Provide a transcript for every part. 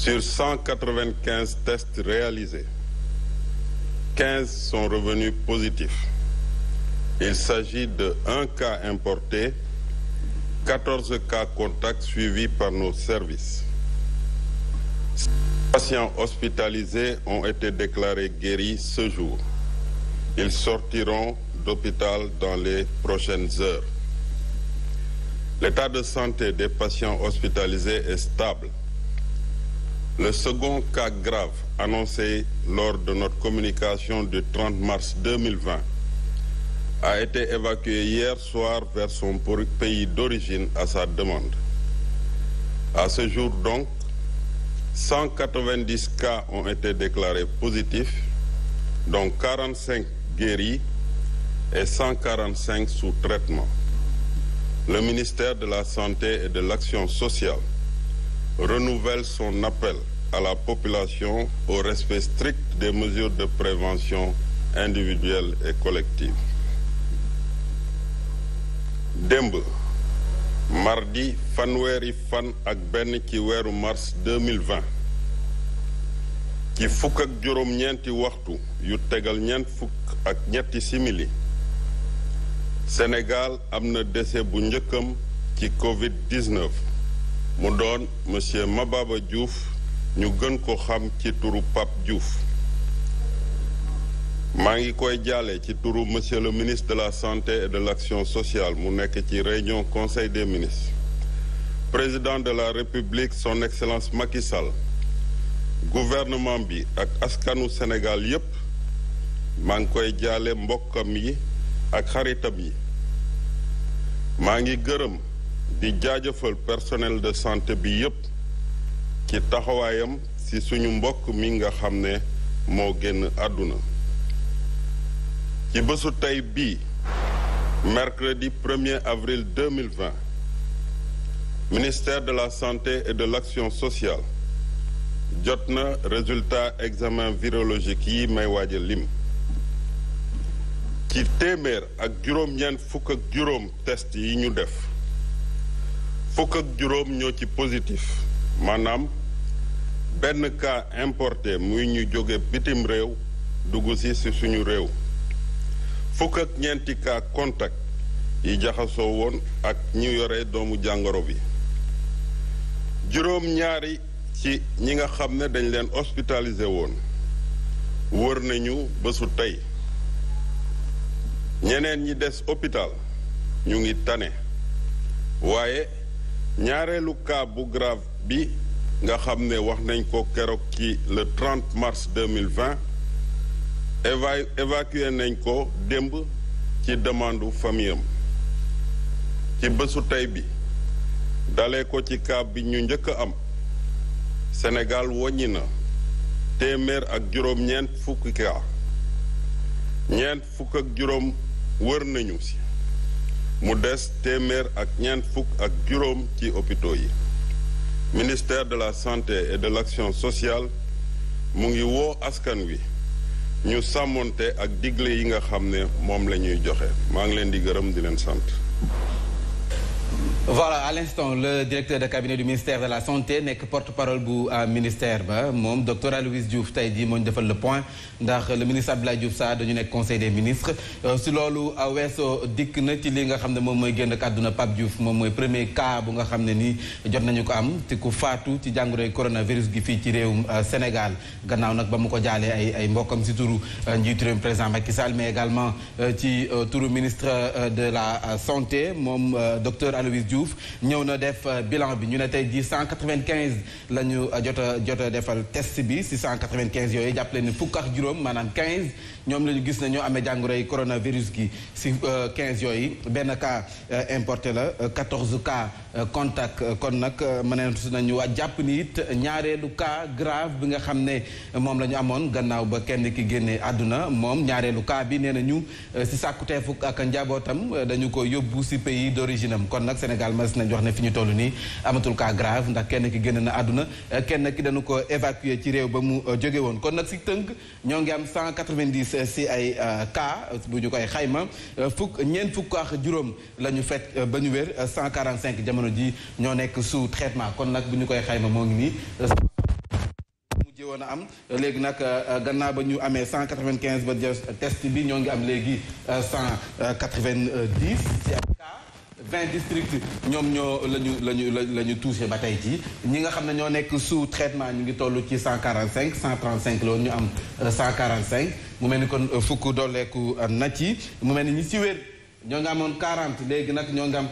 Sur 195 tests réalisés, 15 sont revenus positifs. Il s'agit de un cas importé, 14 cas contacts suivis par nos services. Six patients hospitalisés ont été déclarés guéris ce jour. Ils sortiront d'hôpital dans les prochaines de santé des patients hospitalisés est stable. Le second cas grave annoncé lors de notre communication du 30 mars 2020 a été évacué hier soir vers son pays d'origine à sa demande. À ce jour donc, 190 cas ont été déclarés positifs, dont 45 guéris et 145 sous traitement. Le ministère de la Santé de l'Action sociale renouvelle son appel à la population au respect strict des mesures de prévention individuelle et collective. démb mardi fanweeri fan ak benn ci weeru mars 2020 ci fukk ak juróom-ñeenti waxtu yu tegal ñeent ñetti simili Sénégal am na décès bu njëkkam ci Covid-19 mu doon monsieur Mababa Diouf ñu gën ko xam ci turu Pape Diouf maa ngi koy jaale ci turu monsieur le ministre de la santé et de l'action sociale mu nekk ci réunion conseil des ministres président de la république son excellence Macky Sall gouvernement bi ak askanu senegal yépp maa ngi koy jaale mbokkam yi ak xaritam yi maa ngi gërëm di jaajëfal personnel de santé bi yépp ci taxawaayam ci suñu mbokk mi nga xam ne moo génn àdduna ci bésu tey bii mercredi 1er avril 2020 ministère de la santé et de l'action sociale jot na résultat examen virologique yi may waaja lim ci téeméer ak juróom ak juróom test yi ñu def fukk ak juróom ñoo ci positif maanaam benn cas importé muy ñu jóge bitim réew dugg si ci suñu réew fukk ak ñeenti cas contact yi jaxasoo woon ak ñu yore doomu jàngoro bi juróom ñaari ci ñi nga xam ne dañ leen hospitalisé woon wër nañu bésu tey ñeneen ñi des hôpital ñu ngi tane waaye ñaareelu cas bu grave bi nga xam ne wax nañ ko keroog ci le 30 mars 2020 éva évacué nañ ko démb ci demandu famille ci bésu tey bi dalee ko ci cas bi ñu njëkk am senegal woññi na téeméer ak juróom wër nañu ci mu des téeméer ak ñeent fukk ak juróom ci hôpitaux yi ministère de la santé et de l'action sociale mu ngi woo askan wi ñu sàmmoonte ak digle yi nga xam ne moom la ñuy joxe maa ngi leen di gërëm di leen sant voilà à l'instant le directeur de cabinet du ministère de la santé nekk porte-parole bu euh, ministère ba moom docteur Aloyse Diouf tey jii moo ñu defal le point ndax le ministre Abdoulaye Diouf Sarr dañu nekk conseil des ministres euh, si loolu euh, weesoo dikk na ci li nga xam ne moom mooy génn ak àdduna Pape Diouf moom mooy premier cas bu nga xam ne nii jot nañu ko am te ku faatu ci jàngoroy coronavirus gi fii ci réew Sénégal gannaaw nag ba mu ko jaalee ay ay mbokkam si turu njiitu réewum président Macky Sall mais également ci turu ministre de la santé moom docteur Aloyse Diouf Diouf ñëw na def euh, bilan bi ñu ne tey jii 195 la ñu euh, jot a jot a defal test bi si 195 yooyu jàppale ni fukk ak juróom maanaam 15 ñoom la ñu gis ne ñoo amee jàngoroy coronavirus gi si 15 euh, yooyu benn cas importé la 14 cas. Euh, contact euh, kon nag euh, mënees nañu waa jàpp ni it ñaareelu cas grave bi nga xam ne moom la ñu amoon gannaaw ba kenn ki génne àdduna moom ñaareelu cas bi nee nañu si sàkkuteefu ak njabootam dañu ko yóbbu si pays d'origine am kon nag Sénégal mënees nañu wax ne fi ñu toll nii amatul cas ndax kenn ki génne na àdduna kenn ki dañu ko évacuer ci réew ba mu jóge woon kon nag si tënk ñoo ngi am cent 190 si ay cas bu ñu koy xayma fukk ñeent fukk juróom lañu fet ba ñu wér 145 jamono jamono ji ñoo nekk sous traitement kon nag bu ñu koy xayma moo ngi nii mujjee woon a am léegi nag euh, gannaaw ba ñu amee cent 195 ba test bi ñoo ngi am léegi 190 ci ay cas 20 districts ñoom ñoo la ñu la ñu la ñu touché ba tey ci ñi nga xam ne ñoo nekk sous traitement ñu ngi toll ci 145 cinq loolu ñu am 145 euh, mu mel ni kon euh, fukk dooleeku na ci mu mel ni ñi ci wér ñoo ngi amoon léegi nag ñoo ngi am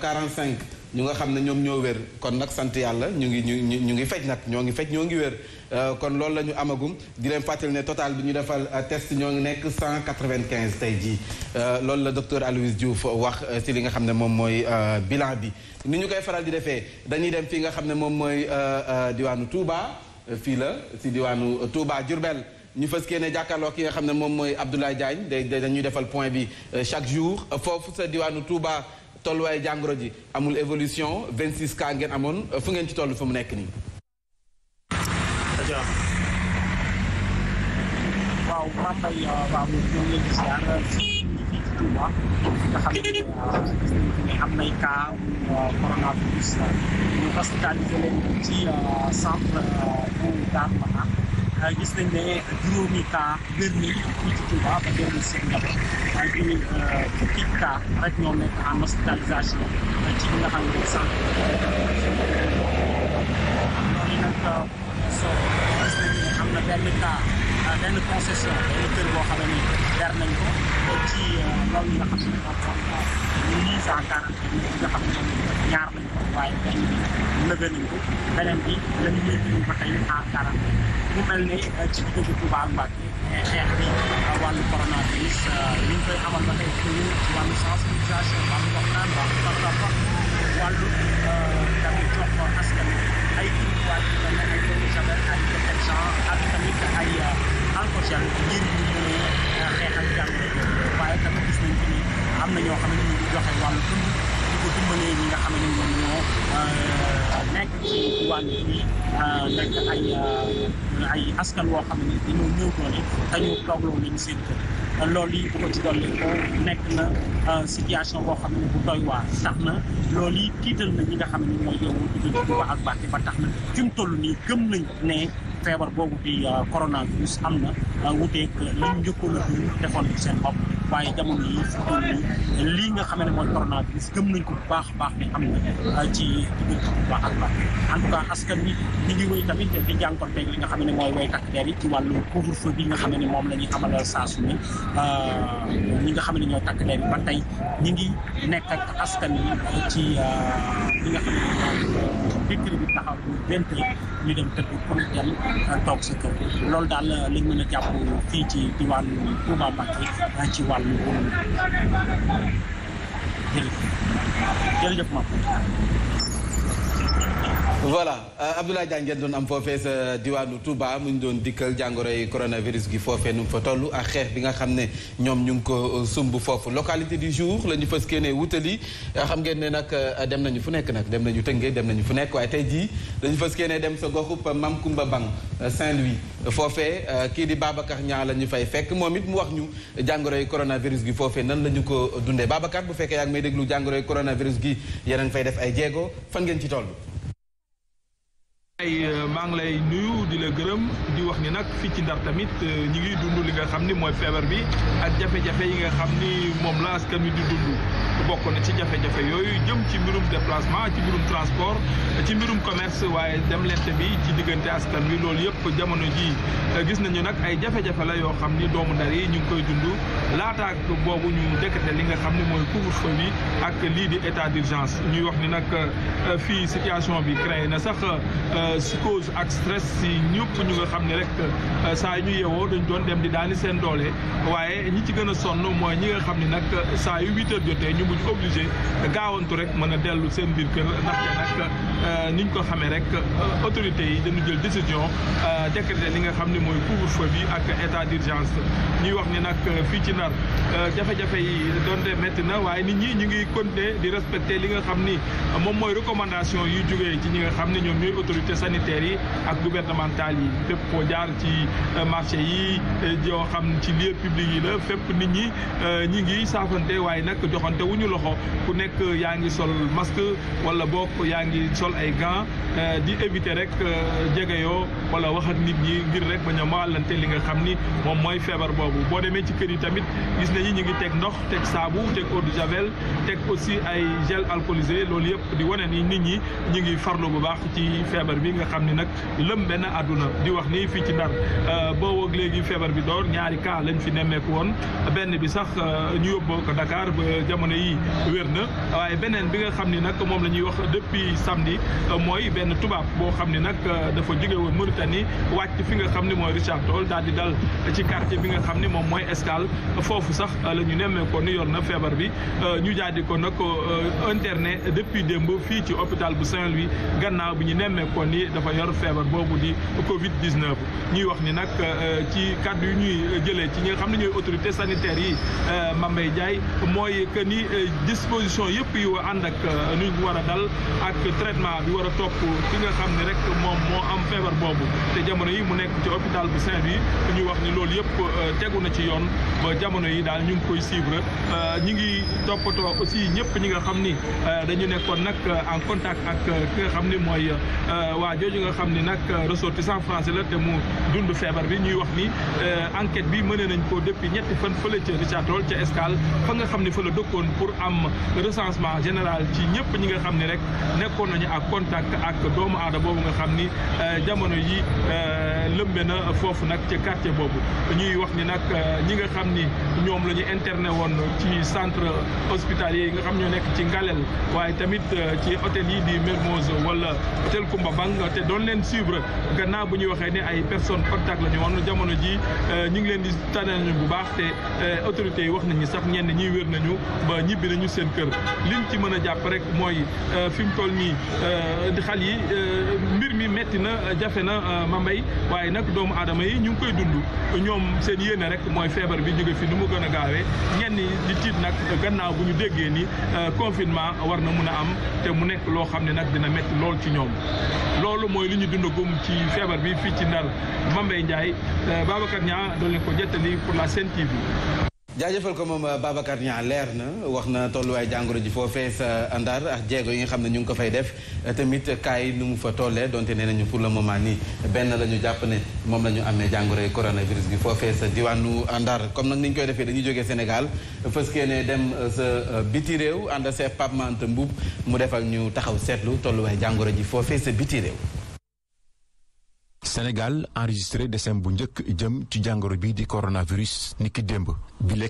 ñu nga xam ne ñoom ñoo wér kon nag sant yàlla ñu ngi ñu ñu ngi fej nag ñoo ngi fej ñoo ngi wér euh, kon loolu la ñu amagum di leen fàttali ne total bi ñu defal euh, test ñoo ngi nekk 195 tey jii euh, loolu la docteur Aloyse Diouf wax ci li nga xam ne moom mooy bilan bi ni ñu koy faral di defee dañuy dem fii nga xam ne moom mooy diwaanu Touba fii la si diwaanu Touba Diourbel ñu fas yéene jàkkaarloo ki nga xam ne moom mooy Abdoulaye Diagne day dañuy defal point bi chaque jour foofu sa diwaanu Touba tolluwaay jàngoro ji amul évolution 26 cas ngeen amoon fu ngeen ci toll fa mu nekk nii. waaw ah, am nay cas ah, coronavirus ñu hospitalisé ci ah, centre bu Darou Manane gis nañ ne juróomi cas wér nañ fii ci Touba ba dellu seen njaboot waaye ñu euh, fukki cas rek ñoo nekk en hospitalisation ci li nga xam ne euh, sànq. gis nañ ne am na benn cas. Euh, benn concession benn kër boo xam ne ber nañ ko ci euh, ndaw ñi nga xam ne ñoom ñuy cent quarante nga xam ne ñaar lañ ko waaye benn bi nëbë nañ ko beneen bi lañ ñuy dund ba tey à quarante mu mel ne euh, ci diggante Touba ak Mbacke xeex bi wàllu coronavirus ñu ngi koy amal ba tey ci wàllu sensibilisation wàllu waxtaan wàllu wàllu tamit jox askan ay jumtuwaay yu mel ne ay doomu javel ay détection ak tamit ay euh, alcogel ngir ñu mën a euh, xeexal jàngoro waaye tamit gis nañ ni am na ñoo xam ne ñu ngi joxe wàllu dund di ko dimbalee ñi nga xam ne ñoom ñoo euh, nekk ci wàll bi nekk ay ay askan woo xam ne dañoo ñëw doole te ñu toogloo leen seen kër loolu yi bu ko ci dolli nekk na euh, situation boo xam ne bu doy waa tax na lool yi tiital na ñi nga xam ne mooy yow diggante bu baax ak baax tax na fi toll nii gëm nañ ne feebar boobu di euh, coronavirus am na euh, wuteeg liñ njëkkoon a defoon seen bopp waaye jamono yi surtout nii lii nga xam ne mooy coronavirus gëm nañ ko bu baax baax ne am na ah, ci diggante bu baax ak en tout cas askan bi ñu ngi wéy tamit di jànkonteeg li nga xam ne mooy way takk der yi ci wàllu couvre feu bi nga xam ne moom la ñuy amal saa su ne ah, ñi nga xam ne ñooy takk der yi ba tey ñi ngi nekk ak askan wi ci ah, li nga xam ne décret bi taxaw bu gént la ñu dem tëdd ku ne dem toog sa kër loolu daal euh, lañ mën a jàpp fii ci diwaanu Touba Mbacké euh, ci wàllu jërëjëf jërëjëf ma voilà euh, Abdoulaye Diagne ngeen doon am foofee sa diwaanu tubaa mu ñu doon dikkal jàngoroy coronavirus gi foofee nu mu fa toll xeex bi nga xam ne ñoom ñu ngi ko euh, sumb foofu localité du jour la ñu fas kéenee wutali euh, xam ngeen ne nag dem nañu fu nekk nag dem nañu Tëngéej dem nañu fu nekk waaye tey jii dañu fas kéenee dem sa goxub Mam Kumba Bang Saint-Louis foofee kii di Babacar Niang la ñu fay fekk moom it mu wax ñu jàngoroy coronavirus gi foofee nan la ñu ko dundee Babacar bu fekkee yaa ngi may déglu jàngoroy coronavirus gi yéen a fay def ay jéego fan ngeen ci toll ay euh, maa ngi lay nuyu di la gërëm di wax ni nag fii ci Ndar tamit euh, ñi ngi dund li nga xam ni mooy feebar bi ak jafe-jafe yi nga xam ni moom la askan wi di dund bokk na ci jafe-jafe yooyu jëm ci mbirum déplacement ci mbirum transport ci mbirum commerce waaye dem lente bi ci diggante askan wi loolu yëpp jamono ji euh, gis nañu nag ay jafe-jafe la yoo xam ni doomu Ndar yi ñu ngi koy dund ak boobu ñu décrété li nga xam ni mooy couvre-feu bi ak lii di état d'urgence ñuy wax ni nag fii situation bi créé na sax psychose euh, ak stress si ñëpp ñu nga xam ne rek euh, saa yu ñu yeewoo dañ doon dem di daani seen doole waaye ñi ci gën a sonn mooy ñi nga xam ne nag saa yu huit jotee ñu mujj obligé gaawantu rek mën a dellu seen biir kër ndaxte nag euh, niñ ko xamee rek autorité yi dañu jël décision décréter li nga xam ne mooy couvre-feu bi ak état d'urgence ñuy wax ni nag fii ci nar jafe-jafe yi doon de métti na waaye nit ñi ñu ngi continuer di respecter li nga xam ni moom sanitaires yi ak gouvernemental yi fépp foo jaar ci euh, marché yi euh, yoo xam ci lieu public yi la fépp nit ñi euh, ñi ngi saafante waaye nag joxante wu ñu loxo ku nekk yaa ngi sol masque wala bokk yaa ngi sol ay gants di éviter rek jegeyoo wala wax ak nit ñi ngir rek bañ a maalante li nga xam ni moom mooy feebar boobu boo demee ci kër yi tamit gis nañu ñu ngi teg ndox teg saabu teg eau de javel teg aussi ay gel alcoolisé loolu yëpp di wane ni nit ñi ñu ngi farlu feebar bi bi nga xam ni nag lëm benn àdduna di wax nii fii ci Ndar euh, boobu ak léegi feebar bi door ñaari cas lañ fi nemmeeku woon benn bi sax euh, ñu yóbboo ko Dakar ba jamono yi wér na waaye beneen bi nga xam ni nag moom la ñuy wax depuis samedi euh, mooy benn tubaab boo xam ne nag dafa jóge woon ni wàcc fi nga xam ne mooy Richard Toll daal di dal ci quartier bi nga xam ni moom mooy Escale foofu sax la ñu nemmeekoo ni yoon na feebar bi ñu jaadi ko nag internet depuis démb fii ci hôpital bu Saint-Louis ni dafa yor feebar boobu di Covid 19. ñuy wax ni nag euh, ci kàddu yu ñuy jëlee ci ñi nga xam ne ñooy autorités sanitaires yi euh, Mambey jaay mooy que ni euh, disposition yëpp yu ànd ak nuñ war a dal ak traitement bi war a topp ki nga xam ne rek moom moo am feebar boobu te jamono yi mu nekk ci hôpital bu Saint-Louis ñuy wax ni loolu yëpp tegu na ci yoon ba jamono yi daal ñu ngi koy suivre ñu ngi toppatoo aussi ñëpp ñi nga xam ni dañu nekkoon nag en contact ak ki nga xam ni mooy waa jooju nga xam ni nag ressortissant français la te mu dund feebar bi ñuy wax ni euh, enquête bi mëne nañ ko depuis ñetti fan fële ca Richard Toll ca Escale fa nga xam ni fa la dëkkoon pour am recensement général ci ñëpp ñi nga xam ne rek nekkoon nañu ak contact ak doomu aada boobu nga xam ni euh, jamono yi euh, lëmbe na foofu nag ca quartier boobu ñuy wax ni nag ñi nga xam ni ñoom la ñu interné woon ci centre hospitalier yi nga xam ñoo nekk ci Ngalel waaye tamit ci hôtel yi di Mermoz wala hôtel nga te doon leen suivre gannaaw bu ñuy waxee ne ay personnes contact la ñu na jamono ji euh, ñu ngi leen di tànnal ñu bu baax te euh, autorités yi wax nañu sax ñenn ñi wér nañu ba ñibbi nañu seen kër liñ ci mën a jàpp rek mooy euh, fi mu toll nii di xal yi mbir mi metti na jafe na mambay waaye nag doomu aadama yi ñu ngi koy dund ñoom seen yéene rek mooy feebar bi jóge fi nu mu gën a gaawee ñenn di tiit nag gannaaw bu ñu déggee ni confinement war na mun a am te mu nekk loo xam ne nag dina metti lool ci ñoom loolu mooy li ñu dundagum ci feebar bi fii ci Ndar Mame Ndiaye Babacar Niang doon leen ko jottali pour la Sen jaajëfal ko moom euh, Babacar Niang leer na wax na tolluwaay jàngoro ji foo foofee sa euh, Ndar ak jéego yi nga xam ne ñu ngi ko fay def euh, tamit cas yi nu mu fa tollee donte nee nañu pour le moment nii benn la ñu jàpp ne moom la ñu amee jàngoro yi coronavirus bi foofee sa diwaanu Ndar comme nag ni ñu koy defee dañu jógee Sénégal fës kee ne dem sa biti réew ànd seef Pape Mante mu defal ñu taxaw seetlu tolluwaay jàngoro ji foo foofee sa biti réew. Sénégal enregistré décembre bu njëkk jëm ci jàngoro bi di coronavirus ni ki démb bi le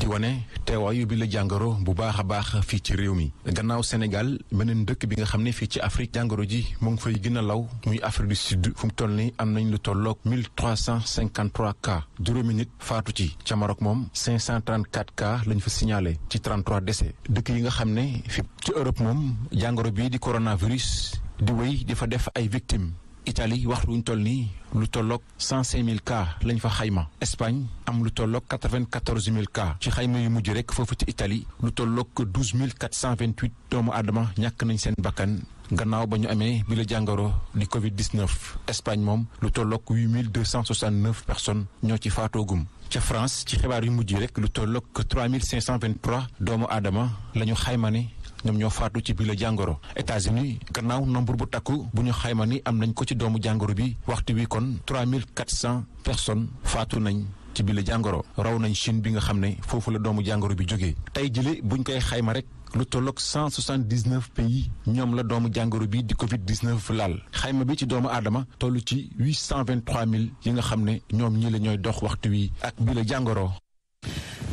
di wane teewaayu bi la jàngoro bu baax a baax fii ci réew mi gannaaw Sénégal meneen dëkk bi nga xam ne fii ci Afrique jàngoro ji mu ngi fay gën a law muy Afrique du Sud fu mu toll ni am nañ lu tolloog 1353 cas juróomi nit faatu ci ca Maroc moom 534 cas lañ fa signalé ci 33 décès dëkk yi nga xam ne fi ci Europe moom jàngoro bii di coronavirus di wéy di fa def ay victimes Italie wax luñ toll nii lu tolloog cent cinq mille cas lañ fa xayma Espagne am lu tolloog quatre vingt quatorze mille cas ci xayma yu mujj rek foofu ci Italie lu tolloog douze mille quatre cent vingt huit doomu adama ñàkk nañ seen bakkan gannaaw ba ñu amee bi la jàngoro di Covid dix neuf Espagne moom lu tolloog huit mille deux cent soixante neuf personnes ñoo ci faatoogum. ca France ci xibaar yu mujj rek lu tolloog trois mille cinq cent vingt doomu adama la ñu xayma ne. ñoom ñoo faatu ci biir jàngoro États-Unis gannaaw nombre bu takk bu ñu xayma ni am nañ ko ci doomu jàngoro bi waxtu wi kon 3400 personnes faatu nañ. ci bi jàngoro raw nañ Chine bi nga xam ne foofu la doomu jàngoro bi jógee tey jële buñ koy xayma rek lu tolloog 179 pays ñoom la doomu jàngoro bi di Covid 19 laal xayma bi ci doomu aadama toll ci 823 000 yi nga xam ne ñoom ñii la ñooy dox waxtu wi ak bi la jàngoro.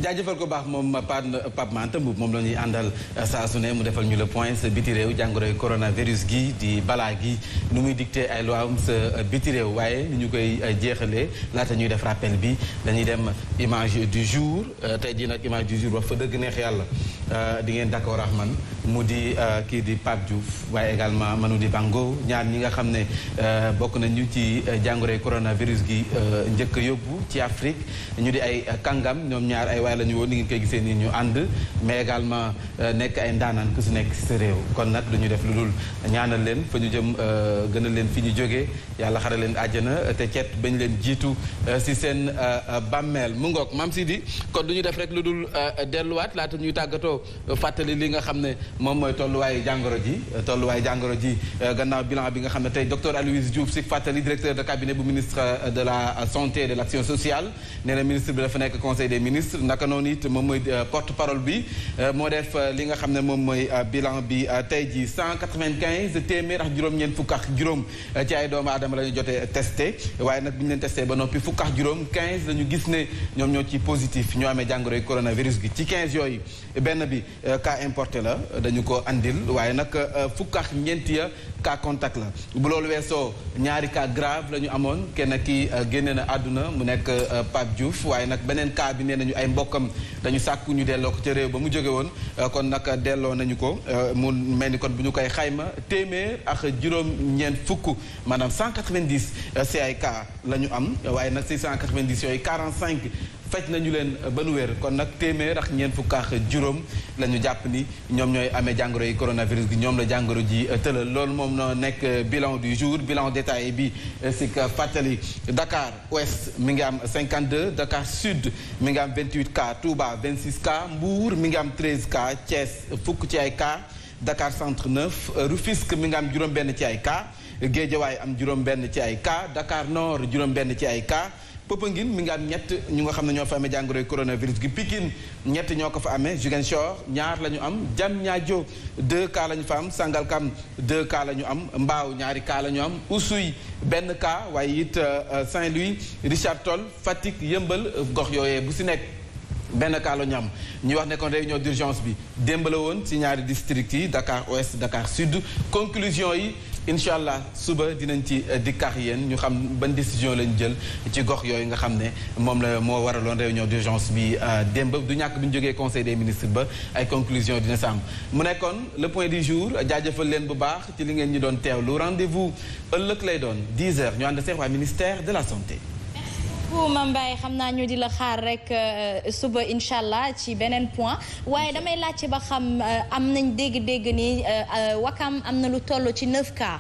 jaajëfal ko baax moom Pape Mante Mboup moom la ñuy àndal euh, saa su ne mu defal ñu le point sa biti réew jàngoroy coronavirus gi di balaa gi nu muy dicté ay loi am sa euh, biti réew waaye ni ñu koy euh, jeexalee laata ñuy def rappel bi dañuy dem image du jour tey jii nag image du jour wax fa dëgg neex yàlla di ngeen d'accord ak man mu di kii di Pape Diouf waaye également manu di Bango ñaar ñi nga xam ne bokk nañu ci jàngoroy coronavirus gi njëkk a yóbbu ci Afrique ñu di ay Géejawaay la ñu woon ni ngeen koy gisee nii ñu ànd mais également euh, nekk ay ndaanaan ku si nekk si réew kon nag du ñu def lu dul ñaanal leen fa ñu jëm euh, gënal leen fi ñu jógee yàlla xare leen àjjana te ceet bañ leen jiitu euh, si seen bàmmeel mu ngook mam si di kon lu ñu def rek lu dul delluwaat laata ñuy tàggatoo fàttali li nga xam ne moom mooy tolluwaayu jàngoro ji tolluwaayu jàngoro ji gannaaw bilan bi nga xam ne tey docteur Aloyse Diouf si fàttali directeur de cabinet bu ministre de la santé et de l'action sociale nee na naka noonu it moom mooy euh, porte parole bi euh, moo def euh, li nga xam ne moom mooy bilan bi tey jii cent quatre quinze téeméer ak juróom-ñeent fukk juróom ci ay doomu aadama la ñu jotee testé waaye nag bu ñu leen testé ba noppi fukk ak juróom quinze la ñu gis ne ñoom ñoo ci positif ñoo amee korona coronavirus gi ci quinze yooyu benn bi cas importé la dañu ko andil waaye nag fukk ñeenti ñeent ya cas contact la bu loolu weesoo ñaari cas grave la ñu amoon kenn ki génne na àdduna mu nekk Pape Diouf waaye nag beneen cas bi nee nañu ay mbokk comme dañu sàkku ñu delloo ko ca réew ba mu jóge woon euh, kon nag delloo nañu ko euh, mu mel ni kon bu ñu koy xayma téeméer ak juróom-ñeent fukk maanaam 190 euh, CIK la ñu am waaye nag 690 yooyu 45 faj nañu leen ba nu wér kon nag téeméer ak ñeent fukk juróom la ñu jàpp ni ñoom ñooy amee jàngoro yi coronavirus gi ñoom la jàngoro ji euh, tëlal loolu moom noo nekk euh, bilan du jour bilan détaillé bi euh, si fàttali Dakar ouest mi ngi am 52 Dakar sud mi ngi am 28 cas Touba 26 cas Mbour mi ngi am 13 cas Thiès fukk ci ay cas Dakar centre 9 Rufisque mi ngi am juróom-benn ci ay cas Guédiawaye am juróom-benn ci ay cas Dakar noor juróom-benn ci ay cas. Popenguine mi ngi am ñett ñu nga xam ne ñoo fa amee jàngoroy coronavirus gi Pikine ñett ñoo ko fa amee Ziguinchor ñaar la ñu am Diamniadio deux cas la ñu fa am Sangalkam deux cas la ñu am mbaaw ñaari kaa la ñu am Oussouye benn kaa waaye it euh, euh, Saint-Louis Richard Toll Fatick Yëmbal gox yooyee bu si nekk. benn cas la ñu am ñu wax ne kon réunion d'urgence bi démb woon ci ñaari district yi Dakar Ouest Dakar Sud conclusion yi incha allah suba dinañ ci euh, dikkax yéen ñu xam bañ décision lañ jël ci gox yooyu nga xam ne moom la moo waraloon réunion d'urgence bi euh, démb du ñàkk bi ñu jógee conseil des ministres ba ay conclusion dina sa am mu nekkoon le point du jour jaajëfal leen bu baax ci li ngeen ñi doon teew teewlu rendez-vous ëllëg lay doon 10 heures ñu ànd seex ministère de la santé Mame Mbaye xam naa ñu di la xaar rek euh, suba incha allah ci beneen point waaye damay laajte ba xam euh, am nañ dégg-dégg ni euh, Wakam am na lu toll ci 9 cas.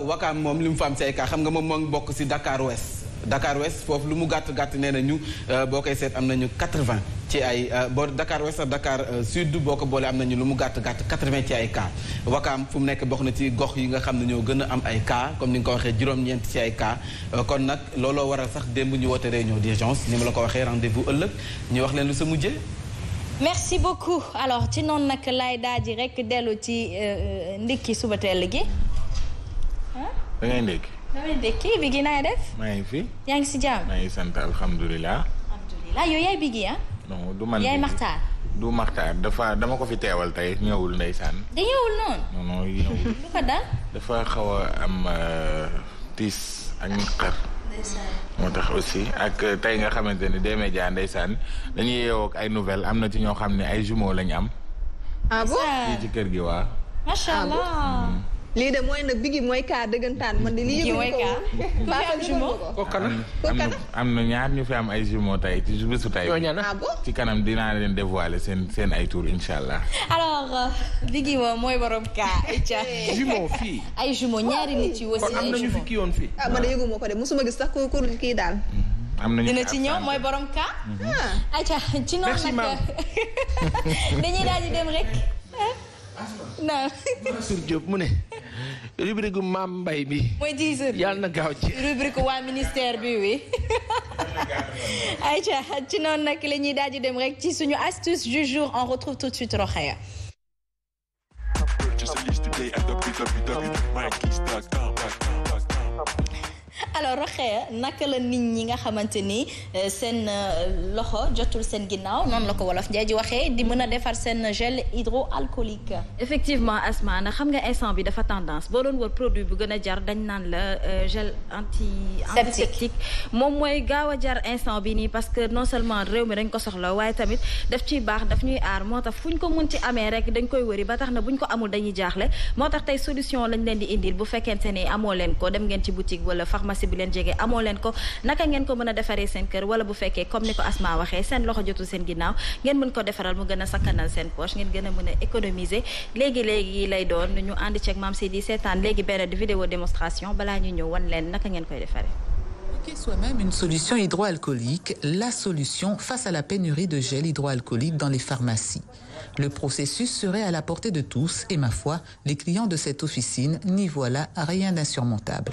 Wakam moom li mu fa am si xam nga moom moo bokk si dakaar Ouest. Dakar Ouest foofu lu mu gàtt gàtt nee ñu euh, boo koy seet am nañu vingt ci ay euh, boo Dakar Ouest ak Dakar euh, Sud boo ko boolee am nañu lu mu gàtt gàtt 80 ci ay cas Wakaam fu mu nekk bokk na ci gox yi nga xam ne ñoo gën a am ay cas comme ni nga ko waxee juróom-ñeent ci ay cas kon nag looloo waral sax démb ñu woote réunion d'urgence ni ma la ko waxee rendez-vous ëllëg ñu wax leen lu sa mujjee. merci beaucoup alors ci noonu nag laay daal ji rek dellu ci ndikki suba teel gi. damay dëkki Biggi naa def. maa ngi fi. yaa ngi si jàmm. maa sant alhamdulilah. alhamdulilah yaay Biggi ah. non du man yaay Maxtaar. du Maxtaar dafa dama ko fi teewal tey ñëwul ndeysaan. da ñëwul noonu. non non dal. dafa xaw a am euh, tiis ak naqar. moo tax aussi ak euh, tey nga xamante ne des médias ndeysaan dañuy yeewoo ak ay nouvelles am na ci ñoo xam ne ay jumeaux lañ am. ah ci kër gi waa. macha ah allah. Mm. lii de mooy nag bigi mooy kaa dëggantaan man de lii yëngu ko ko am na ñaar ñu fi am ay jumeaux tey ci bésu tey ah ci kanam dinaa leen dévoiler seen seen ay tour insha allah alors euh, bigi moom mooy borom kaa jumeaux fii ay jumeaux ñaari nit yu aussi am nañu fi kii woon fii ah man de yëguma ko de musuma gis sax ku ku kii daal mm-hmm. am nañu dina ci ñëw mooy borom kaa mm-hmm. ah. ayca ci noonu nag euh, dañuy daal di dem rek naa Mansour Diop mu ne rubrique maam mbay bi mooy 10 heures na gaaw ci rubrique waa ministère bi wi ayca ci noonu nag la daal di dem rek ci suñu astuce du on retrouve tout de suite Rokhaya alors Rokhaya naka la nit ñi nga xamante ni euh, seen euh, loxo jotul seen ginnaaw noonu la ko wolof Njaay ji waxee di mën a defar seen gel hydroalcoolique. effectivement Asma na xam nga instant bi dafa tendance boo doon war produit bu gën a jar dañ naan la euh, gel anti. antiseptique moom mooy gaaw a jar instant bi nii parce que non seulement réew mi dañ ko soxla waaye tamit daf ciy baax daf ñuy aar moo tax fu ñu ko mën ci amee rek dañ koy wëri ba tax na bu ñu ko amul dañuy jaaxle moo tax tey solution lañ leen di indil bu fekkente ni amoo leen ko dem ngeen ci boutique pharmacie bi leen jege amoo leen ko naka ngeen ko mën a defaree seen kër wala bu fekkee comme ne ko Asma waxee seen loxo jotul seen ginnaaw ngeen mën ko defaral mu gën a sakkanal seen poche ngeen gën a mën a économiser léegi lay doon ñu ànd ceeg maam si di seetaan léegi benn vidéo démonstration balaa ñu ñëw wan leen naka ngeen koy defaree. Bloquer soi-même une solution hydroalcoolique, la solution face à la pénurie de gel hydroalcoolique dans les pharmacies. Le la portée de tous et ma foi, les clients de cette officine n'y voilà rien d'insurmontable.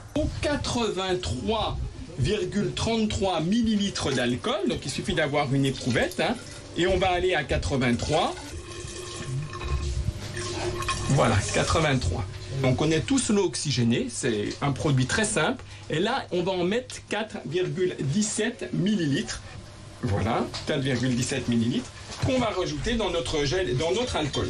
83,33 millilitres d'alcool, donc il suffit d'avoir une éprouvette, hein, et on va aller à 83. Voilà, 83. Donc on est tous l'eau oxygénée, c'est un produit très simple. Et là, on va en mettre 4,17 millilitres. Voilà, 4,17 millilitres qu'on va rajouter dans notre gel, dans notre alcool.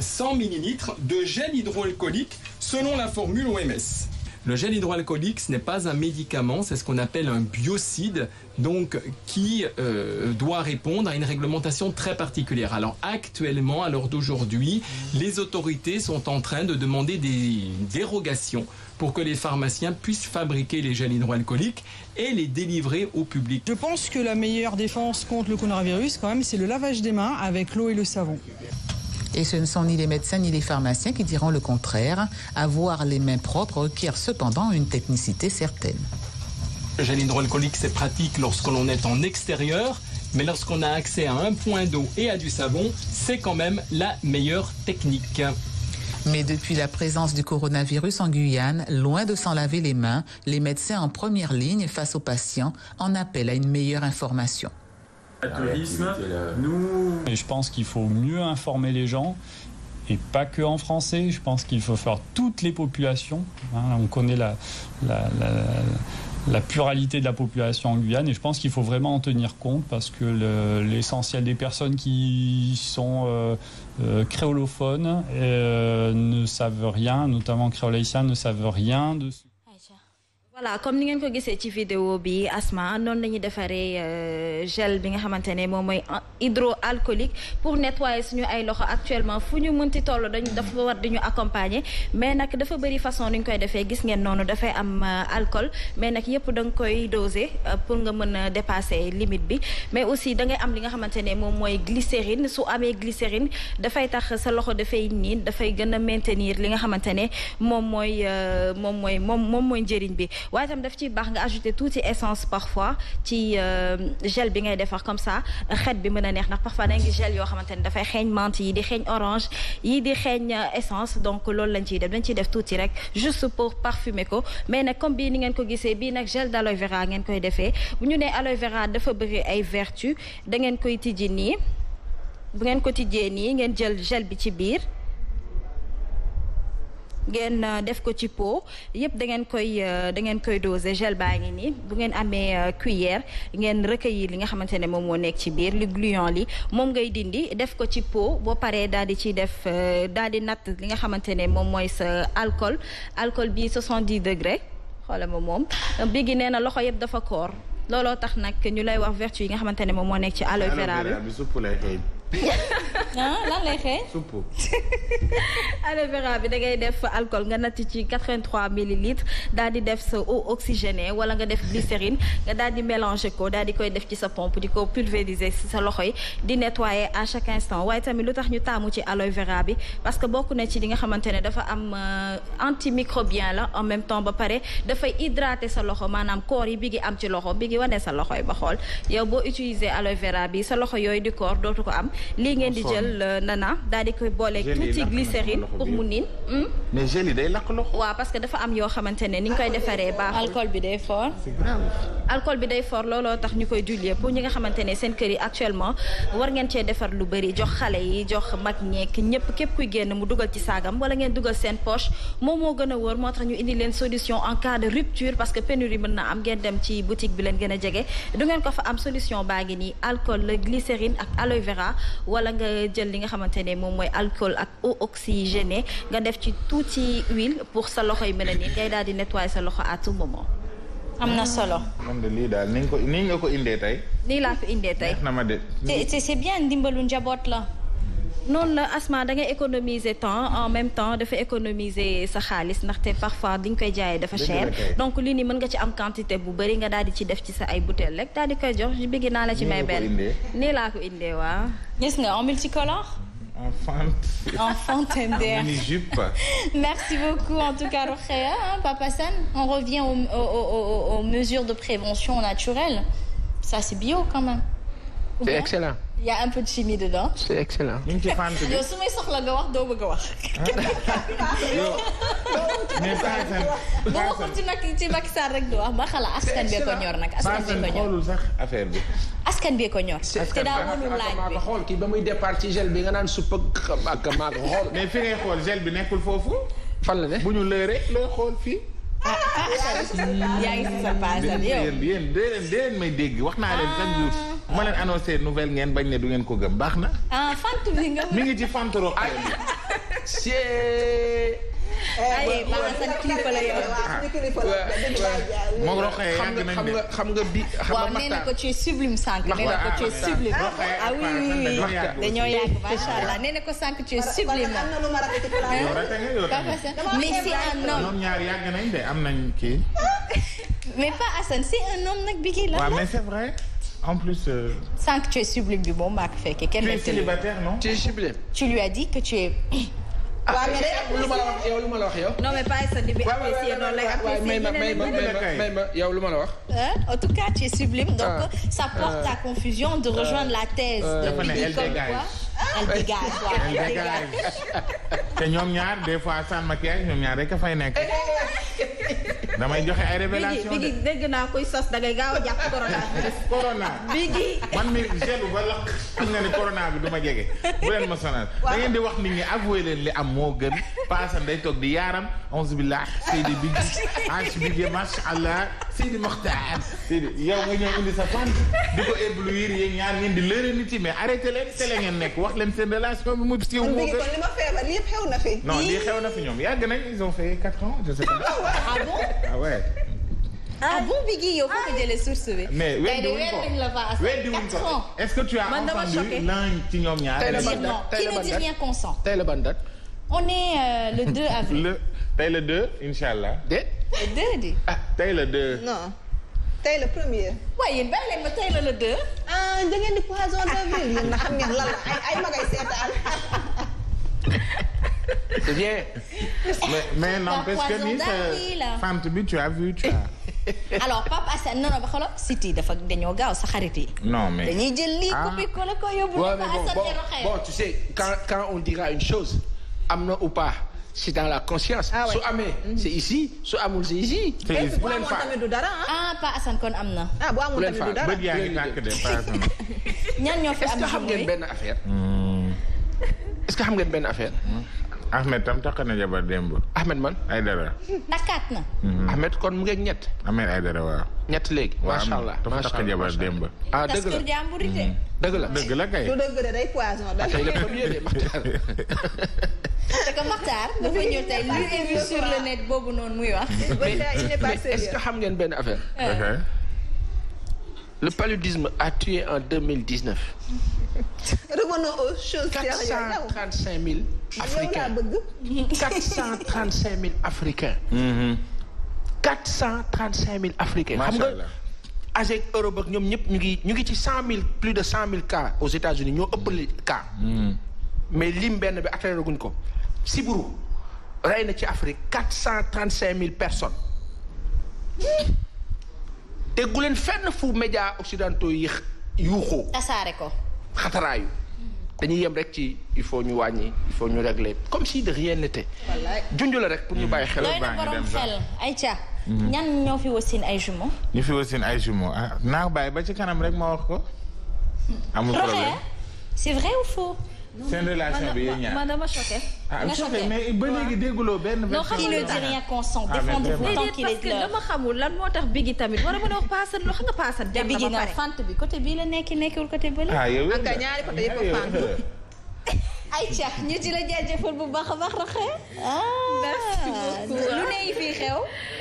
100 ml de gel hydroalcoolique selon la formule OMS. Le gel hydroalcoolique, ce n'est pas un médicament, c'est ce qu'on appelle un biocide, qui euh, doit répondre à une réglementation très particulière. Alors actuellement, à les autorités sont en train de demander des dérogations pour que les pharmaciens puissent fabriquer les gels hydroalcooliques et les délivrer au public. Je pense que la meilleure défense contre le coronavirus, quand même, Et ce ne sont ni les médecins ni les pharmaciens qui diront le contraire. Avoir les mains propres requiert cependant une technicité certaine. Le gel c'est pratique lorsque est en extérieur, mais lorsqu'on a accès à un point d'eau et à du savon, c'est quand même la meilleure technique. Mais depuis la présence du coronavirus en Guyane, loin de s'en les mains, les médecins en première ligne face aux patients en appellent à une meilleure Athlétisme, nous... Et je pense qu'il faut mieux informer les gens et pas que en français. Je pense qu'il faut faire toutes les populations. Hein, on connaît la, la, la, la, pluralité de la population en Guyane et je pense qu'il faut vraiment en tenir compte parce que l'essentiel le, des personnes qui sont euh, euh, créolophones euh, ne savent rien, notamment créolaïciens ne savent rien de ce voilà comme ni ngeen ko gisee ci vidéo bi asma noonu la ñuy defaree euh, gel bi nga xamante ne moom mooy hydroalcoolique pour nettoyer suñu ay loxo actuellement fu ñu mënti toll dañu dafa war di ñu accompagner mais nag dafa bëri façon ni ñu koy defee gis ngeen noonu dafay am euh, alcool mais nag yëpp da nga koy doser euh, pour nga mën a dépasser limite bi mais aussi da ngay am li nga xamante ne moom mooy glycérine su amee glycérine dafay tax sa loxo dafay niin dafay gën a maintenir li nga xamante ne moom mooy moom mooy moom moom mooy njëriñ bi waaye itam daf ciy baax nga ajouter tuuti essence parfois ci euh, gel bi ngay defar comme ça xet bi mën a neex ndax parfois da ngi gel yoo xamante ne dafay xeeñ menthe yi di xeeñ orange yi di xeeñ euh, essence donc loolu lañ ciy def dañ ciy def tuuti rek juste pour parfumer ko mais nag comme bii ni ngeen ko gisee bii nag gel d'aloe vera ngeen koy defee bu ñu nee aloe vera dafa bëgge ay vertu da ngeen koy tijji nii bu ngeen ko tijjee nii ngeen jël gel bi ci biir ngeen euh, def ko ci pot yëpp da ngeen koy euh, da ngeen koy doser gel baa ngi nii bu ngeen amee euh, cuillère ngeen recueillir li nga xamante ne moom moo nekk ci biir li gluant moom ngay dindi def ko ci pot boo paree daal di ci def daal di natt li nga xamante ne moom mooy sa alcool alcool bi 70 degré xoolal ma moom bi gi nee na loxo yëpp dafa koor looloo tax nag ñu lay wax vertu yi nga xamante ne moom moo nekk ci aloe vera bi ah lan lay vera bi da ngay def alcool nga natt ci 83 millilitres daal di def sa eau oxygénée wala nga def glycérine nga daal di mélanger ko daal di koy def ci sa pompe di ko pulvériser ci sa loxo yi di nettoyer à chaque instant waaye tamit lu tax ñu taamu ci aloe vera bi parce que bokk na ci li nga xamante ne dafa am euh, antimicrobien la en même temps ba pare dafay hydrater sa loxo maanaam koor yi bi ngi am ci loxo bi ngi wane sa loxo yi ba xool yow boo utiliser aloe vera bi sa loxo yooyu di koor dootu ko am. lii ngeen di jël euh, nana daal di koy boole tuuti glycérine pour mu niin hmm? mais gel yi day lakk loxo waaw parce que dafa am yoo xamante ne ni ñu koy defaree baax alcool bi day fort alcool bi day fort looloo tax ñu koy jullee pour ñi nga xamante ne seen kër yi actuellement war ngeen cee defar lu bëri jox xale yi jox mag ñeek ñëpp képp kuy génn mu dugal ci saagam wala ngeen dugal seen poche moom moo gën a wóor moo tax ñu indi leen solution en cas de rupture parce que pénurie mën na am ngeen dem ci boutique bi leen gën a jege du ngeen ko fa am solution baa ngi nii alcool la glycérine ak aloe vera wala nga jël li nga xamante ne moom mooy alcool ak eau oxygénée nga def ci tuuti huile pour sa loxo yi mën a nii ngay daal di nettoyer sa loxo à tout am na solo. man de lii daal ni nga ko nii nga ko indee tey. nii laa ko indee tey. na ma de. c'est bien ndimbalu njaboot la. noonu la Asma da ngay économiser temps en même temps dafa économiser sa xaalis ndaxte parfois di nga koy jaayee dafa cher donc lii nii mën nga ci am quantité bu bëri nga daal di ci def ci sa ay bouteille rek daal di koy jox bëgg naa la ci may benn nii laa ko indee waa gis nga en multicolore enfant enfant tender merci beaucoup en tout cas Rokhaya Papa San on revient aux, aux, aux mesures de prévention naturelle ça c'est bio quand même c'est excellent. y a un peu de chimie dedans. c'est excellent. ñu ngi ci fànn bi yow su may soxla nga wax doo bëgg a wax. mais par exemple. bu waxul ci nag ci Macky Sall rek du wax ba xala askan bee ko ñor nag. askan bee ko ñor sax affaire bi. askan bee ko ñor. te daa wóolu laaj bi maa ko xool kii ba muy départ ci gel bi nga naan supp ak maa ko xool. mais fi ngay xool gel bi nekkul foofu. fan la ne bu ñu lëre looy xool fii. yaa ngi si sa paasal yow yéen yéen dee leen may dégg wax naa leen ah. bu ma leen annoncé nouvelle ngeen bañ ne du ngeen ko gëm baax na. ah fant bi nga. mi ngi ci fant roq. ay ay ah. moom roqee yàgg nañ de xam nga bi. xam nga Makhtar nee na ko ci sublime sànq. nee na ko ci sublime. ah, ah oui oui oui dañoo yàgg macha allah nee na ko sànq ci sublime la. yow rek nga yow tamit mais c'est un homme. ñoom ñaar yàgg nañ de am nañ kii. mais pas Assane c'est un homme nag bi kii la. waaw mais c'est vrai. en plus. sànq euh, tu es sublime bi moom maa ko fekkee. kenn tu es célibataire non. tu es sublime. tu lui as dit que tu es. waa ah, eh, mais day eh, lu ma la wax yow lu ma la wax yow. non mais bàyyi sa dibi apprécié noonu lay apprécié may ma may ma yow lu ma la wax. en tout cas tu es sublime donc. Ah. ça porte à ah. confusion de rejoindre la thèse. Euh, de Bibi comme quoi. elle dégage waaw elle dégage te ñoom ñaar des fois sans maquillage ñoom ñaar rek fay nekk. damay joxe ay révélation bi gi dégg naa koy sos dangay gaaw a jàpp corona. corona bi gi man mi gelu ba lakk xam bi du ma jege. bu leen ma sonal da ngeen wax nit ñi avoué leen li am moo gën paasan day di yaaram onze billah seydi bi gi ange bi gi macha allah seydi moxtaar seydi sa fan di ko éblouir yéen ñaar ngeen di lëre nit yi mais arrêté nekk wax leen seen relation bi mu siiw moo gën. li ma feebar yëpp xew na fi. non lii xew na fi ñoom yàgg nañ ils ont fait quatre ans je sais pas. ah, ah bon ah ouais. ah, ah bon Biggi yow foo ko ah. jëlee source bi. mais eh, weddi wuñ ko weddi wuñ ko est-ce que tu as entendu l'un ci ñoom ñaar. tey la ban date tey la ban date qui ne dit rien consent. tey la ban date. on est euh, le 2 avril. le tey le 2 incha allah. de. le 2 di. ah tey le 2. non. tey la premier. waaye yéen bàyyi leen ma tey la le deux. ah da ngeen na xam ngeen lan la ay ay magay seetaan. c'est bien. mais mais n'empêche que ni fente bi tu as vu tu as. alors Pape Assane non non ba xoolal city dafa dañoo gaaw sa xarit yi. non mais dañuy jël lii coupé ko ko yóbbu. waaw mais bon bon tu sais quand quand on dira une chose pas. c'est dans la conscience. ah su amee mhm. c'est ici su amul c'est ici. bu leen faa kon am na. ah bu amoon tamit du dara bu leen faa xam ngeen benn affaire. Hmm. est-ce que xam ngeen benn affaire. Hmm. Ahmed tam takk na jabar démb. Ahmed man ay dara. nakaat na. Hmm. Ahmed kon mu ngeeg ñett. Ahmed ay dara waaw. ñett léegi macha allah macha jabar démb. ah dëgg la dëgg du dëgg de day poison. Ah, tey la premier de dafa ñëw boobu noonu muy wax. est-ce que xam ngeen benn affaire. Ah. le paludisme a tué en deux mille dix neuf. revenons aux cent trente cinq mille. africains mm-hmm. quatre cent trente cinq mille africains. cent trente cinq mille africains. xam nga avec Europe ak ñoom ñëpp ñu ngi ñu ngi ci cent mille plus de cent mille cas aux États-Unis ñoo ëpp cas. Mm. mais lim benn bi atteindre guñ ko Sibiru. rey na ci Afrique quatre cent trente cinq mille personnes déggu leen fenn fu média occidentaux yi yuuxu tasaare ko xataraayu dañuy yem rek ci il faut ñu wàññi il faut ñu régler comme si de rien n'était junj la rek pour ñu mm. bàyyi xel baa ngi dem xel Aïcha mm-hmm. ñan ñoo fi wasin ay jumeaux ñu fi wasin ay jumeaux ah naa bàyyi ba ci kanam rek ma wax ko amul problème vrai ou faux seen relation bi yéen ñaar man dama choqué. nga choqué mais ba léegi dégguloo benn. non xam nga ah, il ne dit rien consent. défendre tant qu'il est clair dama xamul lan moo tax Biggi tamit war a mën a wax paasan loo xam nga paasan. dem na ba pare fant bi côté bii la nekk nekkul côté bële. ah yow ak ñaari côté yëpp a fant. Aïcha ñu di la jaajëfal bu baax a baax raxee. merci beaucoup ah, lu ne yi fii xew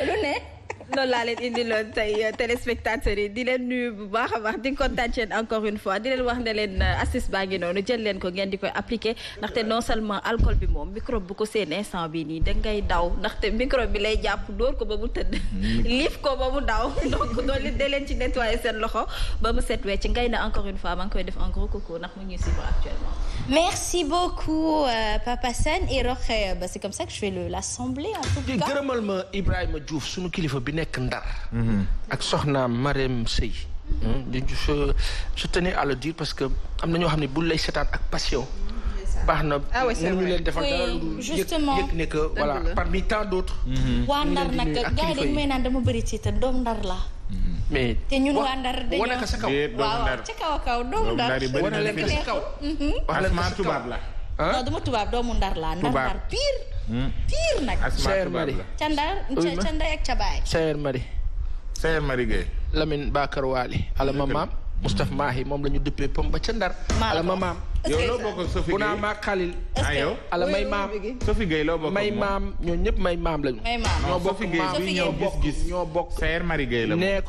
lu ne. loolu laa leen indi loon tey euh, téléspectateurs yi di leen nuyu bu baax a baax di kontaan seen encore une fois di leen wax ne leen euh, astuce baa ngi noonu jël leen ko ngeen di koy appliquer ndaxte non seulement alcool bi moom microbe bu ko seen instant bi nii da ngay daw ndaxte microbe bi lay jàpp dóor ko ba mu tëdd mm. liif ko ba mu daw donc loolu dee leen ci nettoyer seen loxo ba mu set wecc ngay na encore une fois maa ngi koy def en gros coucou ndax mu ñuy suivre actuellement merci beaucoup euh, Papa Sane ba c'est comme ça que je ma Ibrahima Diouf kilifa bi nekk ndar mhm. ak soxnaam Marème Seye hmm, je tenais à le dire parce que am na ñoo xam ne bu lay seetaan ak passion baax na ah mënuñu leen defal dara justement yëg ne que voilà parmi tant d'autres mhm. waa ndar nag gars yi may naan dama bëri ci te doom ndar la mhm. mais te ñun waa Ndar dañoo wane ka sa kaw waaw ca kaw a kaw tubaab la. doomu Ndar laa. Ndar Ndar tiir nag. Sayer Mari Candar Candar ak Cabaay. Sayer Mari. Sayer Mari Gueye. Lamine Bakar Waly. alama Mahi moom la ñu dëppee pom ba ca Ndar. yow loo bokk Sophie Gueye Bounama Khalil. Ah, ala may maam Sophie Gueye loo bokk may maam ñoo ñëpp may maam lañu. may maam ñoo bokk maam ñoo ñoo bokk. Seer Marie la maa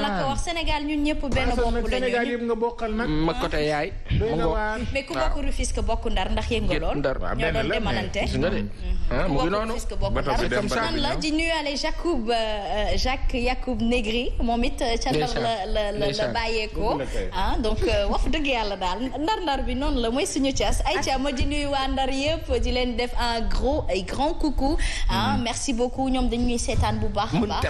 la ko wax Sénégal ñun ñëpp benn ah, bopp la Sénégal nga bokkal nag. Mm, ma côté yaay. mu ngoog ku bokk Rufisque bokk Ndar ndax yëg nga lool. ndar waaw benn la ñoo doon demalante. Mm-hmm. ah mu ngi noonu bato bi dem bato bi di nuyuwaale Jacoub euh, euh, Jacques Yacoub Negri moom it euh, ca Ndar la bàyyeekoo donc wax dëgg yàlla daal ndar-ndar bi noonu la mooy suñu cas Aïcha ma di nuyu waa ndar yëpp di leen def un gros ay grand coucou ah mm. merci beaucoup ñoom dañuy seetaan bu baax a baax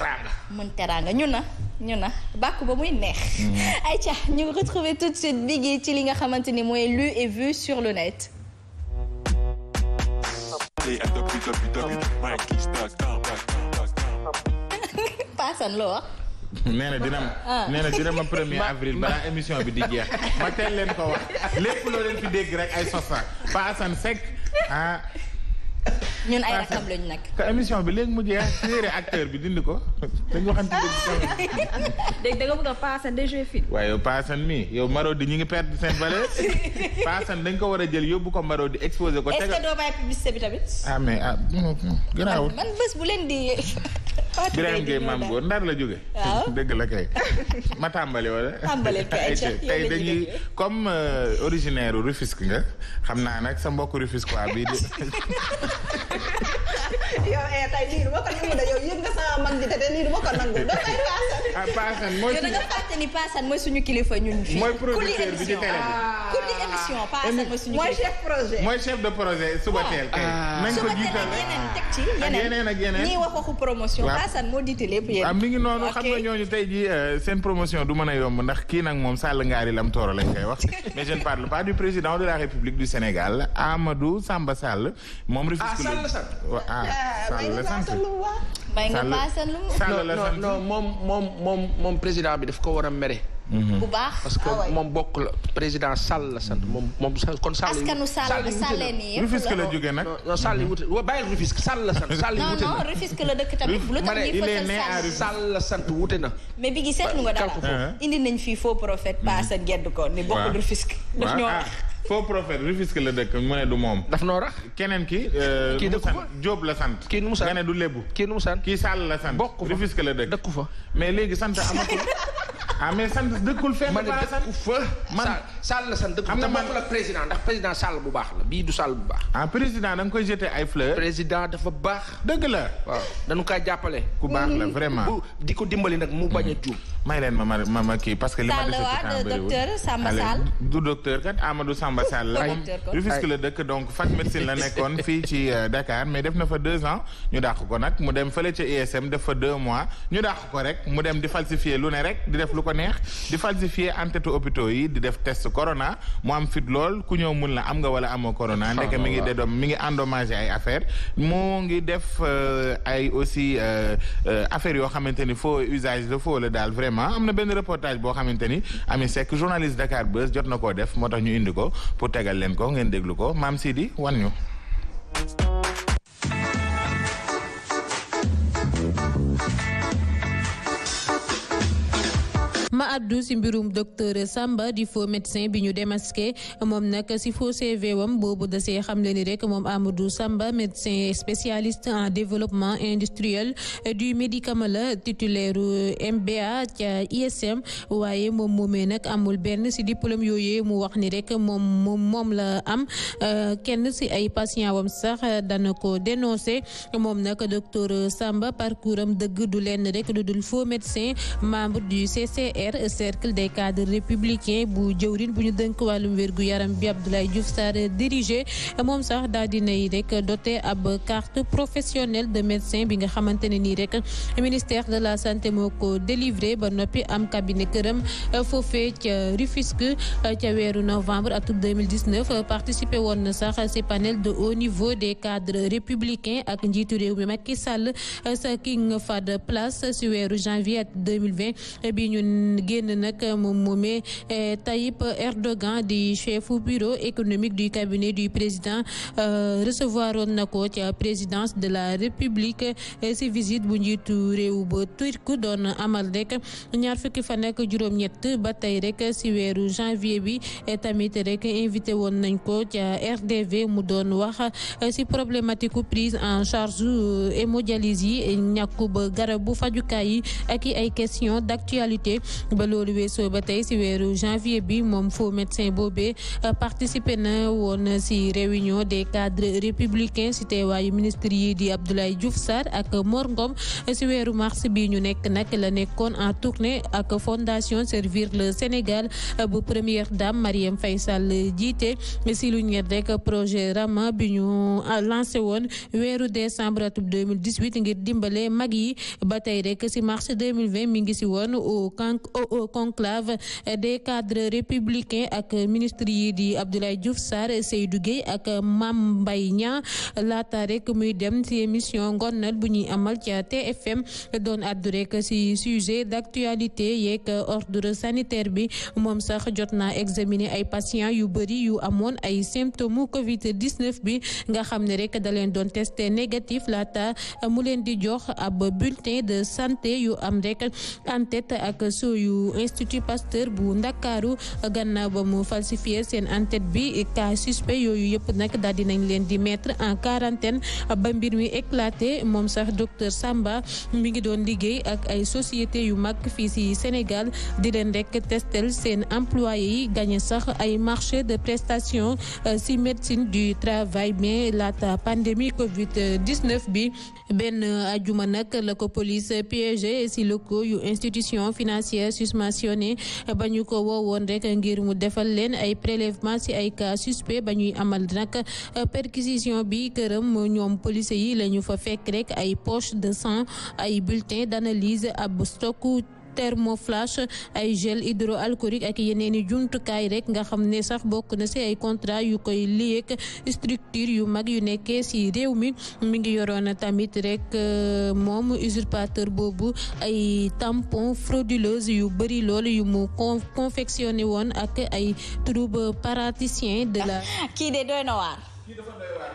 mën teraanga ñu na ñu na bàkk ba muy neex mm. Aïcha ñu retrouver tout de suite Biggi ci li nga xamante ni mooy lu et vu sur le net Paasan loo wax nee na dina ma ah. nee na dina ma premier avril balaa émission bi di jeex ma teel leen ko wax lépp loo leen fi dégg rek ay sosa Pa Assane Seck ah ñun ay rakam lañu nag. te émission bi léegi mu jeex séeré acteur bi dindi ko dañu waxante dëgg. dégg nga bëgg a paasan waaye paasan mi yow Marodi ñu ngi perdre seen valeur paasan dañ ko war a jël yóbbu ko Marodi exposé ko. tegal est-ce que doo bàyyi publicité bi tamit. ah mais ah garaawul man bés bu leen di. Birame Gueye maam ndar la jóge waaw dëgg la kay. ma tàmbali wala. tàmbali kay tey dañuy comme euh, originaire Rufisque nga xam naa nag sa mbokk Rufisque waa bii di. yow eh tey lii du ma ko nangu de yow yëg nga sama mag ji te te lii du ma ko nangu doo ah Paasan mooy suñu da nga fàtte ni kilifa ñun fii. mooy producteur ah. ah. chef projet. mooy chef de projet suba ah. teel kay. nañ ko jiital yeneen teg ci ak yeneen ñii wax waxu promotion. Paasan moo diite lépp yéen. am mi ngi noonu xam na ñooñu tey jii euh, seen promotion du mën a yomb ndax kii nag moom Sall Ngaari Lam Tooro lañ koy wax mais je ne parle pas du président de la République du Sénégal Amadou Samba Sall moom. ah Sall Sall ah Sall may nga paasal lu mu. non moom moom moom moom président bi daf ko war a mere. Mm-hmm. bu baax parce que ah moom bokk la président Sall la sant mm-hmm. moom moom kon Sall. askanu Sall Sallee nii Rufisque la Sall yi wute Sall la sant. Sall na non non Rufisque la tamit. lu tax ñuy fësal sant wute na. mais bi gi seetlu nga dara uh-huh. indi nañ fi faux prophète. paasal gedd ko ni bokkul Rufisque. daf ñoo wax. Ah. faux prophète Rufisque la dëkk mu ne du moom. daf noo rax keneen ki. Euh, kii dëkku fa Jóob la sant. kii nu mu sant nga ne du lébu. kii nu mu sant kii Sall la sant. bokk fa Rufisque la dëkk dëkku fa. mais léegi sant amatul. ah mais sant dëkkul fenn. ma ne dëkku fa man Sall la sant dëkku fa man président ndax président Sall bu baax la bii du Sall bu baax. ah président danga koy jeter ay fleurs. président dafa baax. dëgg la waaw danu kaa jàppale. ku baax la vraiment. di ko dimbali nag mu bañ a juum. may leen ma ma ma kii parce que li ma dese ci docteur Samba Sall du docteur kat Amadou Samba Sall la moom Rufisque la dëkk donc fac médecine la nekkoon fii ci euh, Dakar mais def na fa deux ans ñu dàq ko nag mu dem fële ca ISM def fa deux mois ñu dàq ko rek mu dem di falsifier lu ne rek di def lu ko neex di falsifier entêtu hôpitaux yi di def test corona mu am fit lool ku ñëw mun la am nga wala amoo corona ndeke mi ngi dédom mi ngi endommagé ay affaire mu ngi def euh, ay aussi euh, affaires yoo xamante ni faux usage de faux la daal vraiment également am na benn reportage boo xamante ni Ami Seck journaliste Dakar Buzz jot na koo def moo tax ñu indi ko pour tegal leen ko ngeen déglu ko Maam di wan ñu. addu si mbirum docteur Samba di faux médecin bi ñu démasqué moom nag si foo CV wam boobu da see xamle ni rekk moom Amadou Samba médecin spécialiste en développement industriel du médicament la titulaire MBA ca ISM waaye moom moomee nag amul benn si diplôme yooyee mu wax ni rek moom moom moom la am euh, kenn si ay patient wam sax dana ko dénoncé moom nag docteur Samba parcours am dëgg du lenn rek du dul faux médecin membre du CCR cercle des cadres républicains bu jëwrin bu ñu dënk wàllum wérgu yaram bi Abdoulaye Diouf Sarr dirigé moom sax daal dinay rek doté ab carte professionnelle de médecin bi nga xamante ne nii rek ministère de la santé moo ko délivré ba noppi am cabinet këram euh, foofee ca Rufisque euh, ca weeru novembre atum 2019 participé woon na sax ci panel de haut niveau des cadres républicains ak njiitu réew mi Macky Sall euh, sa King Fahd Palace ci weeru janvier bi ñu génn nag moom moomee eh, Tayyip Erdogan di chef bureau économique du cabinet du président euh, recevoir woon na ko ca présidence de la république eh, si visite bu njiitu réew ba turc doon amal rek ñaar fukki fan ak juróom-ñett ba tey rek si weeru janvier bi eh, tamit rek invité woon nañ ko ca RDV mu doon wax si problématique prise en charge hémodialyse yi ñàkku ba garab bu fajukaay yi ak i ay question d'actualité ba ba loolu weesoo ba tey ci weeru janvier bi moom faux médecin boobee euh, participé na woon ci réunion des cadres républicains ci teewaayu ministre yi di Abdoulaye Diouf Sarr ak Mor Ngom ci weeru mars bi ñu nekk nag la nekkoon en tournée ak fondation Servir le Sénégal euh, bu première dame Marième Faye jiite ci lu ñet rek projet Rama bi ñu euh, lancé woon weeru décembre atub 2018 ngir dimbale mag yi ba tey rek ci mars mi ngi ci woon au au conclave des cadre républicains ak ministre yi di Abdoulaye Diouf Sarr Seydou Guèye ak Mame Mbaye Niang laata rek muy dem ci émission ngonal bu ñuy amal ca TFM doon addu rek ci sujet d'actualité yeeg ordre sanitaire bi moom sax jot na examiner ay patients yu bëri yu amoon ay symptômes Covid 19 bi nga xam ne rek da leen doon testé négatif laata mu leen di jox ab bulletin de santé yu am rek en ak soo bu institut Pasteur bu Ndakaaru gannaaw ba mu falsifié seen en-tête bi cas suspect yooyu yëpp nag daal nañ leen di mettre en quarantaine ba mbir mi éclaté moom sax docteur Samba mu ngi doon liggéey ak ay société yu mag fii ci Sénégal di leen rek testel seen employé yi gagné sax ay marché de prestation euh, ci médecine du travail mais lata pandémie Covid 19 bi benn ajuma nag la police piégé ci locaux yu institution financière susmentionné ba ñu ko woowoon rek ngir mu defal leen ay prélèvement ci ay cas suspect ba ñuy amal nag euh, perquisition bi këram ñoom police yi la ñu fa fekk rek ay poche de sang ay bulletin d'analyse ab stock thermoflash ay gel hydroalcoolique ak yeneen i jumtukaay rek nga xam ne sax bokk na si ay contrat yu koy liyeek structure yu mag yu nekkee si réew mi mi ngi yoroon tamit rek euh, moom usurpateur boobu ay tampon frauduleuse yu bëri lool yu mu confectionné woon ak ay trouble paraticien de la kii de doy na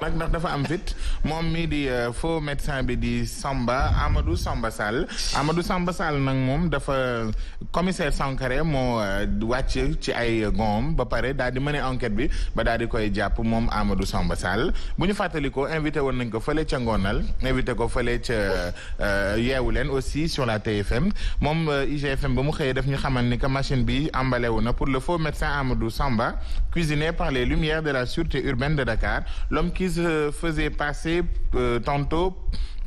nag ndax dafa am fit moom mii di euh, faux médecin bi di Samba Amadou Samba Sall Amadou Samba Sall nag moom dafa commissaire Sankare moo euh, wàcc ci ay gom ba pare daal di mener enquête bi ba daal di koy jàpp moom Amadou Samba Sall bu ñu fàttalikoo invité woon nañ ko fële ca Ngonal invité ko fële ca euh, yeewu leen aussi sur la TFM moom IGFM ba mu xëyee daf ñu xamal ni que machine bi emballé wu na pour le faux médecin Amadou Samba cuisiné par les lumières de la sûreté urbaine de Dakar Dakar l'homme qui se faisait passer euh,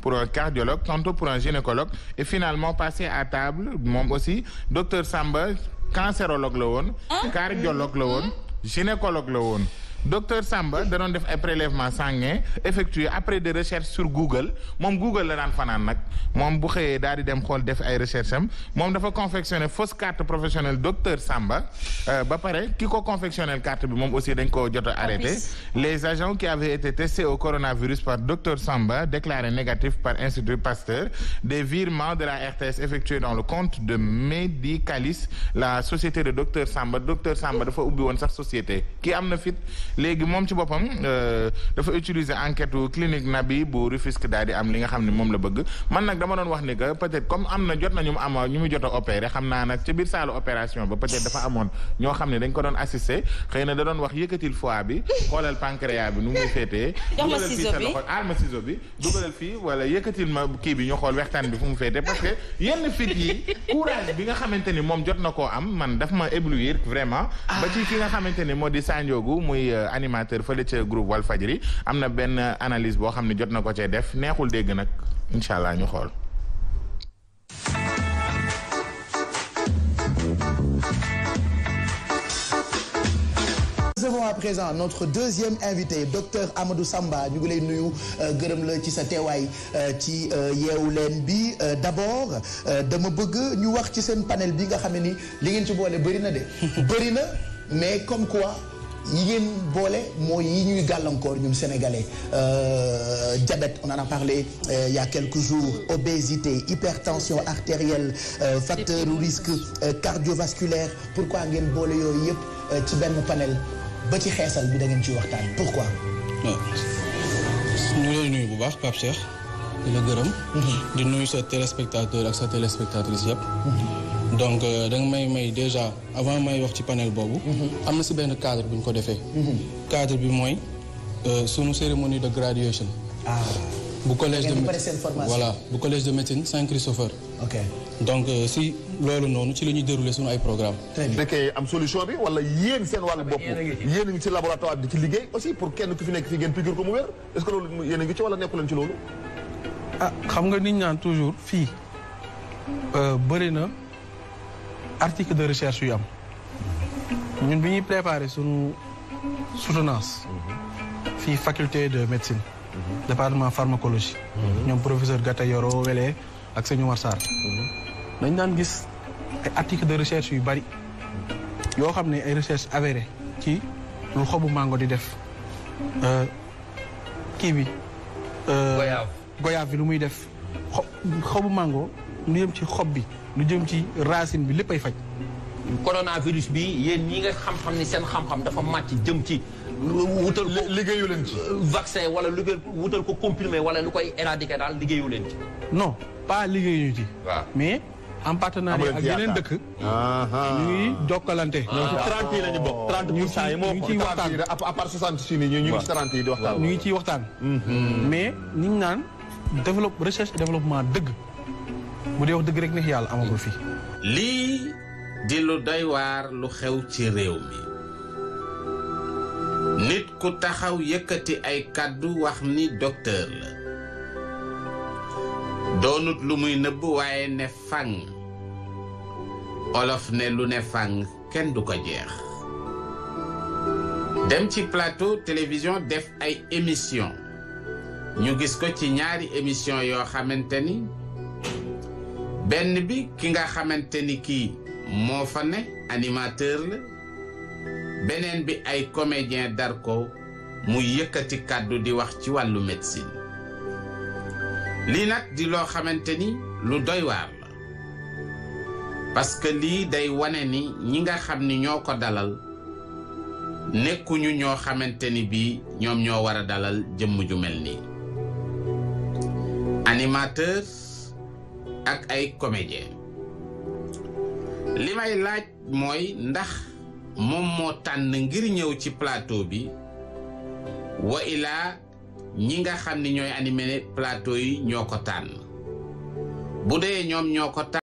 pour un cardiologue tantôt pour un gynécologue et finalement passé à table moom aussi docteur Samba cancérologue la woon cardiologue la woon gynécologue la woon docteur Samba da doon def ay prélèvement sanguin effectué après des recherches sur Google moom Google la daan fanaan nag moom bu xëyee daal di dem xool def ay recherche moom dafa confectionné fausse carte professionnelle docteur Samba euh, ba pare ki ko confectionné carte bi moom aussi dañ ko jot a les agents qui avaient été testés au coronavirus par docteur Samba déclarés négatifs par Institut Pasteur des virements de la RTS effectués dans le compte de Medicalis la société docteur Samba docteur Samba dafa ubbi woon sax société ki am na fit léegi moom ci boppam euh, dafa utiliser enquête clinique Nabi bu Rufisque daal di am li nga xam ne moom la bëgg man nag dama doon wax ni que peut-être comme am na jot na ñu mu am ñu mu jot a biir saalu opération ba peut dafa amoon ñoo xam ne dañ ko doon assister xëy na da doon wax yëkkatil foie bi xoolal pancréas bi nu muy féetee dugalal fii sa loxo aal bi fii wala yëkkatil ma kii bi ñu xool waxtaan bi fu mu féetee parce que yenn fit yi courage bi nga xamante ni moom jot na koo am man daf ma éblouir vraiment ah. ba ci ki nga xamante ni moo di Sandiogu muy euh, animateur fële ca groupe Walfadjri am na benn analyse boo xam ne jot na ko cee def neexul dégg nag incha allah ñu xool. à présent notre deuxième invité docteur Amadou Samba ñu ngi lay nuyu euh, gërëm la ci sa teewaay euh, ci euh, yeewu leen bi d'abord dama bëgg ñu wax ci seen panel bi nga xam ne ni li ngeen ci boole bëri na de bëri na mais comme quoi yi ngeen boole mooy yi ñuy gàllankoor ñun sénégalais euh, diabète on en a parlé euh, il y a quelques jours obésité hypertension artérielle euh, facteur risque cardiovasculaire pourquoi ngeen boole yooyu yëpp ci benn panel ba ci xeesal bi da ngeen ci waxtaan pourquoi. Ah. ñu ngi lay nuyu bu baax Pape Cheikh di la gërëm. Mhm. di nuyu sa téléspectateur ak sa téléspectatrice yëpp. Mhm. donc euh, da nga may may déjà avant may wax ci panel boobu. Mhm. am na si benn cadre bu ñu ko defee. Mhm. cadre bi mooy euh, sunu cérémonie de graduation. ah bu collège de voilà bu collège de médecine Saint-Christopher. ok donc euh, si loolu noonu ci la ñuy dérouler sunu ay programme très am solution bi wala yéen seen wàllu bopp yéen a ngi ci laboratoire di ci liggéey aussi pour kenn ku fi nekk fii ngeen piqûre ko mu wér est-ce que loolu yéen a ngi ci wala nekku ci loolu. ah xam nga nit ñaan toujours fii bëri na. article de recherche yu am ñun bi ñuy préparer sunu soutenance fii faculté de médecine département pharmacologie ñoom professeur Gata Yoro Wele ak sëñ Omar dañ daan gis ay article de recherche yu bari yoo xam ne ay recherche avérée ci lu xobu mango di def euh, kii bi euh, goyaab bi lu muy def xobu mango lu yem ci xob bi lu jëm ci racine bi léppay faj. coronavirus bi yéen ñi nga xam-xam ni seen xam-xam dafa màcc jëm ci. wutal ko liggéeyu leen ci. vaccin wala ko comprimé wala lu koy éradiquer daal liggéeyu leen ci. non pas liggéeyu ci. waaw mais. en partenariat ak yeneen dëkk. Ah, ah. ñu ngi jokkalante. ñoo ci 30 yi ñu bokk 30 pour cent yi moo ñu ngi ciy waxtaan ngi ciy waxtaan. mais ñu naan développe recherche développement dëgg. bu dee wax dëgg rek fi. lii di lu doy waar lu xew ci réew mi nit ku taxaw yëkkati ay kàddu wax ni docteur la doonut lu muy nëbb waaye ne fang olof ne lu ne fang kenn du ko jeex dem ci plateau télévision def ay émission ñu gis ko ci ñaari émission yoo xamante ni benn bi ki nga xamante ni kii moo fa ne animateur la beneen bi ay comédien dar ko mu yëkkati kàddu di wax ci wàllu médecine lii nag di loo xamante ni lu doy waar la parce que lii day wane ni ñi nga xam ni ñoo ko dalal nekkuñu ñoo xamante ni bii ñoom ñoo war a dalal jëmm ju mel nii ak ay comédien li may laaj mooy ndax moom moo tànn ngir ñëw ci plateau bi wa ilaa ñi nga xam ni ñooy anime plateau yi ñoo ko tànn bu dee ñoom ñoo ko tànn